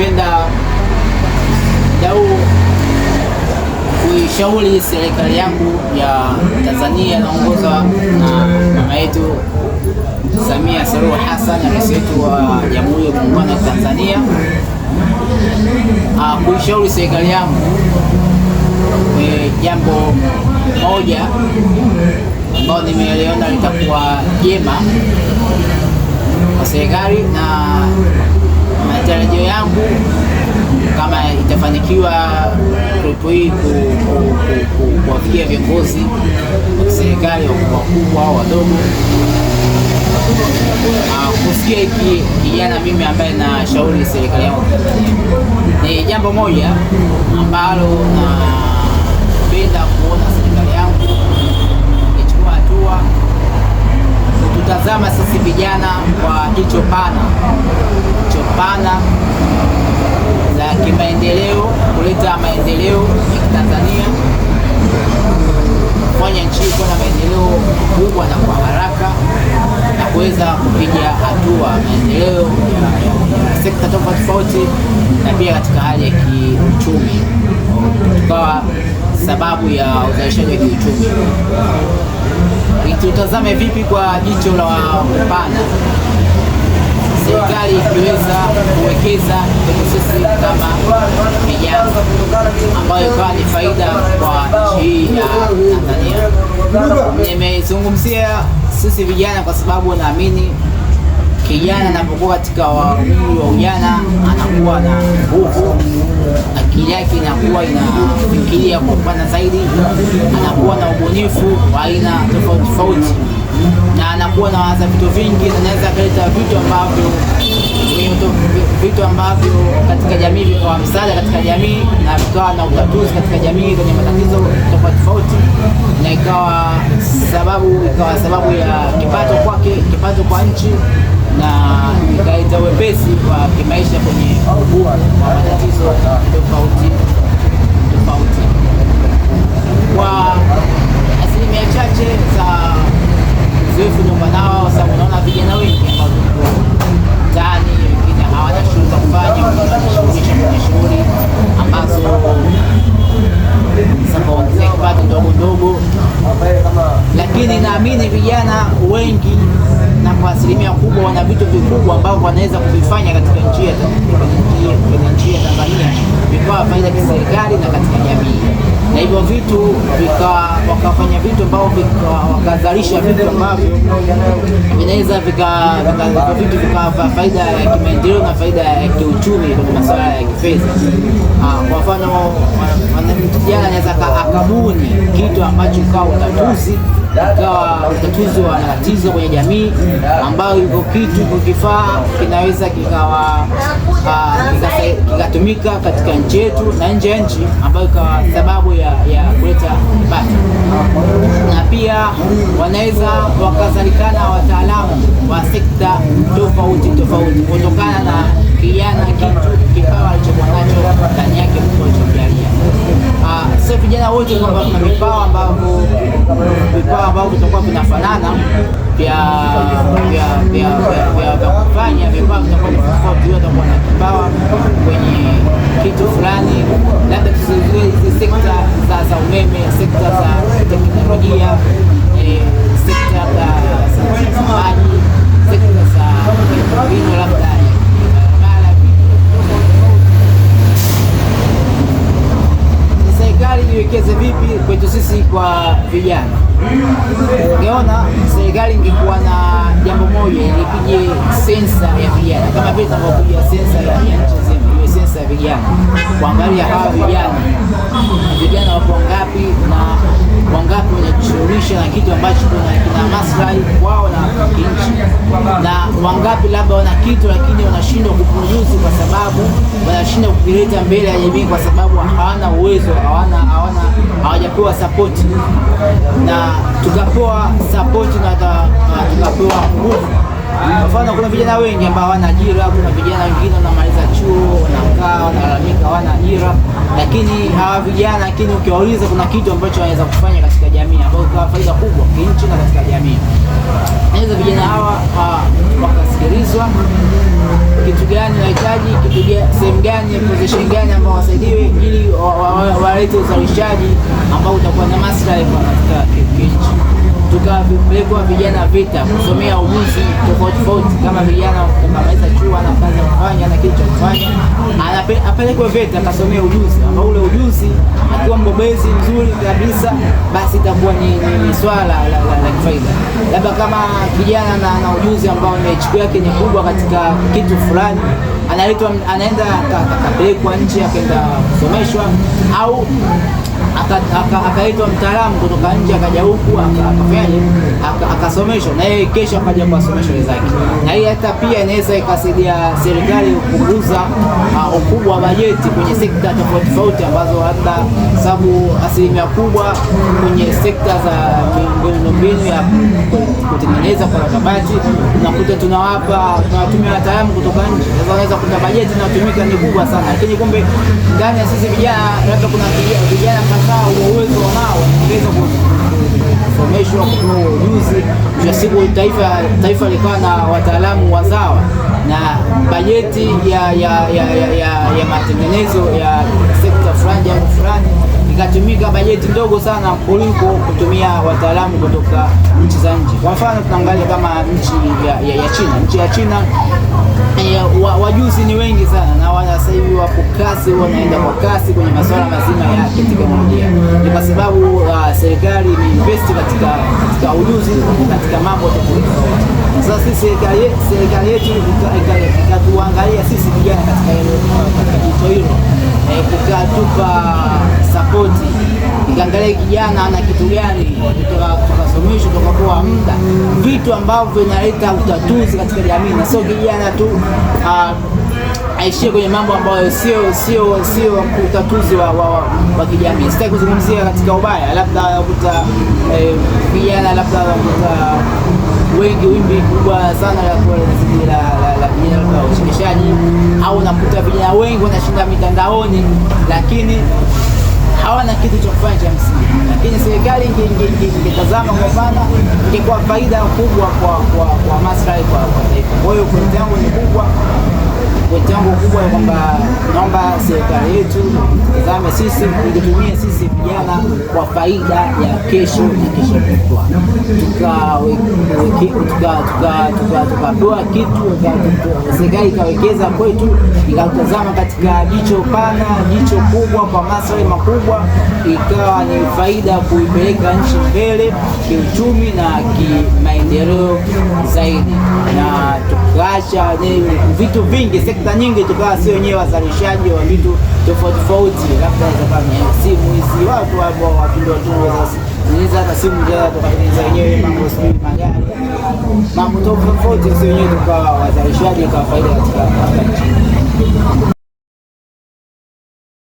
napenda dau kuishauri serikali yangu ya Tanzania inaongozwa na mama yetu Samia Suluhu Hassan, rais wetu wa Jamhuri ya Muungano wa Tanzania, ah, kuishauri serikali yangu e, jambo moja ambayo nimeliona litakuwa jema kwa serikali na matarajio yangu kama itafanikiwa klipu hii kuwafikia viongozi wa kiserikali wakubwa au wadogo, kusikia hiki kijana mimi ambaye na shauri serikali yangu ni jambo moja ambalo na penda kuona serikali yangu ichukua hatua kututazama sisi vijana kwa jicho pana pana za kimaendeleo, kuleta maendeleo ya Tanzania, kufanya nchi kuwa na maendeleo kubwa na kwa haraka na kuweza kupiga hatua maendeleo ya sekta tofauti tofauti, na pia katika hali ya kiuchumi tukawa sababu ya uzalishaji wa kiuchumi. Tutazame vipi kwa jicho la upana serikali ikiweza kuwekeza kwenye sisi kama vijana, ambayo ikawa ni faida kwa nchi hii ya Tanzania. Nimezungumzia sisi vijana kwa sababu naamini kijana anapokuwa katika umri wa ujana anakuwa na nguvu, akili yake inakuwa inafikiria kwa upana zaidi, anakuwa na ubunifu wa aina tofauti tofauti na anakuwa nawaza vitu vingi, anaweza kaleta vitu ambavyo vitu ambavyo katika jamii vikawa msaada katika jamii na vikawa na utatuzi katika jamii zenye matatizo tofauti tofauti, na ikawa sababu ikawa sababu ya kipato kwake, kipato kwa nchi na ikaleta wepesi kwa kimaisha kwenye matatizo tofauti. uzoefu nyumba nao. Sababu unaona vijana wengi ambao ndani, wengine hawana shughuli za kufanya, wanajishughulisha kwenye shughuli ambazo zinawaongezea kipato ndogo ndogo, lakini naamini vijana wengi na kwa asilimia kubwa wana vitu vikubwa ambavyo wanaweza kuvifanya katika nchi yetu, kwenye nchi ya Tanzania vikawa faida kiserikali na katika jamii, na hivyo vitu vikawa wakafanya vitu ambao wakazalisha vitu ambavyo vinaweza vitu vikawa faida ya kimaendeleo na faida ya kiuchumi kwenye masuala ya kifedha. Ah, kwa mfano, mwanamtijana anaweza akabuni kitu ambacho ukawa utatuzi ukawa utatuzi wa matatizo kwenye jamii, ambayo iko kitu iko kifaa kinaweza kikawa ah, kikatumika katika nchi yetu na nje ya nchi, ambayo ikawa sababu ya kuleta kipato na pia wanaweza wakazalikana wataalamu wa sekta tofauti tofauti kutokana na kijana kitu kipawa alichokuwa nacho ndani yake Mungu Ah, Sio vijana wote kwamba kuna vipawa ambavyo vipawa ambavyo vitakuwa vinafanana vya vya vya vya kufanya vipawa vitakuwa tofauti, watakuwa na kipawa kwenye kitu fulani labda teknolojia, eh, sekta za maji, sekta za miundombinu labda eh, Serikali iwekeze vipi kwetu sisi kwa vijana? Ungeona serikali ingekuwa na jambo moja, ilipige sensa ya vijana kama vile tunavyopiga sensa ya nchi nzima, iwe sensa ya vijana, kuangalia hawa vijana, vijana wapo ngapi kujihusisha na kitu ambacho kina maslahi kwao na nchi, na wangapi labda wana kitu lakini wanashindwa kuproduce kwa sababu wanashinda kukileta mbele ya jamii kwa sababu hawana uwezo, hawana hawana hawajapewa support, na tukapewa support na tukapewa nguvu. Kwa mfano, kuna vijana wengi ambao hawana ajira, kuna vijana wengine wanamaliza chuo wanakaa wanalalamika hawana ajira, lakini hawa vijana, lakini ukiwauliza kuna kitu ambacho wanaweza kufanya katika jamii position gani ambao wasaidiwe ili walete uzalishaji ambao utakuwa na maslahi katika nchi vipelekwa vijana vita kusomea ujuzi tofauti tofauti, kama vijana kamaliza chuo na kazi ya kufanya na kitu cha kufanya, apelekwe vita akasomea ujuzi ambao ule ujuzi akiwa mbobezi mzuri kabisa, basi itakuwa ni, ni swala la, la, la faida. Labda kama kijana na, na ujuzi ambao mechuku yake ni kubwa katika kitu fulani analetwa anaenda akapelekwa nje akaenda kusomeshwa au akaitwa mtaalamu kutoka nje, akaja huku akafanyaje, akasomeshwa na yeye, kesho akaja kuwasomesha wenzake. Na hii hata pia inaweza ikasaidia serikali kupunguza ah, ukubwa wa bajeti kwenye sekta tofauti tofauti, ambazo labda sababu asilimia kubwa kwenye sekta za miundombinu ya kutengeneza karabati, unakuta tunawapa tunawatumia wataalamu kutoka nje. Sasa unaweza kuta bajeti inayotumika ni kubwa sana, lakini kumbe ndani ya sisi vijana labda kuna vijana kadhaa wenye uwezo wanao wanaongeza kusomeshwa, kupewa ujuzi, kwa siku taifa taifa likawa na wataalamu wazawa na bajeti ya, ya, ya, ya, ya, matengenezo ya sekta fulani au fulani ikatumika bajeti ndogo sana kuliko kutumia wataalamu kutoka nchi za nje. Kwa mfano tunaangalia kama nchi ya, ya, ya China. Nchi ya China eh, wajuzi ni wengi sana na wana sasa hivi wapo kasi, wanaenda kwa kasi kwenye masuala mazima ya teknolojia. Ni kwa sababu uh, serikali ni invest katika katika ujuzi katika mambo tofauti. Sasa sisi serikali yetu ikatuangalia sisi vijana katika hilo, katika jito hilo eh, kutatupa sapoti ikaangalia kijana ana kitu gani, tukasomeshwa tukapewa muda, vitu ambavyo vinaleta utatuzi katika jamii, na sio kijana tu uh, aishie kwenye mambo ambayo sio sio sio utatuzi wa, wa, wa, wa kijamii. Sitaki kuzungumzia katika ubaya, labda kuta eh, vijana eh, labda kuta wengi, wimbi kubwa sana la vijana la uchekeshaji au unakuta vijana wengi wanashinda mitandaoni, lakini hawana kitu cha kufanya cha msingi, lakini serikali ingetazama kwa pana, ingekuwa faida kubwa kwa kwa kwa maslahi kwa taifa. Kwa hiyo pointi yangu ni kubwa, pointi yangu kubwa kwamba naomba serikali yetu tazame sisi, ikitumie sisi vijana kwa faida ya kesho na kesho kutwa, tukapewa kitu, serikali ikawekeza kwetu, ikatazama katika jicho pana, jicho kubwa kwa maslahi makubwa kubwa, ikawa ni faida kuipeleka nchi mbele kiuchumi na kimaendeleo zaidi, na tukaacha vitu vingi, sekta nyingi tukawa sio wenyewe wazalishaji wa vitu tofauti tofauti, labda simu hizi, watu ambao wapindwa tu tunaweza hata simu tukatengeneza wenyewe mambo, sijui magari, mambo tofauti sio wenyewe tukawa wazalishaji, ikawa faida katika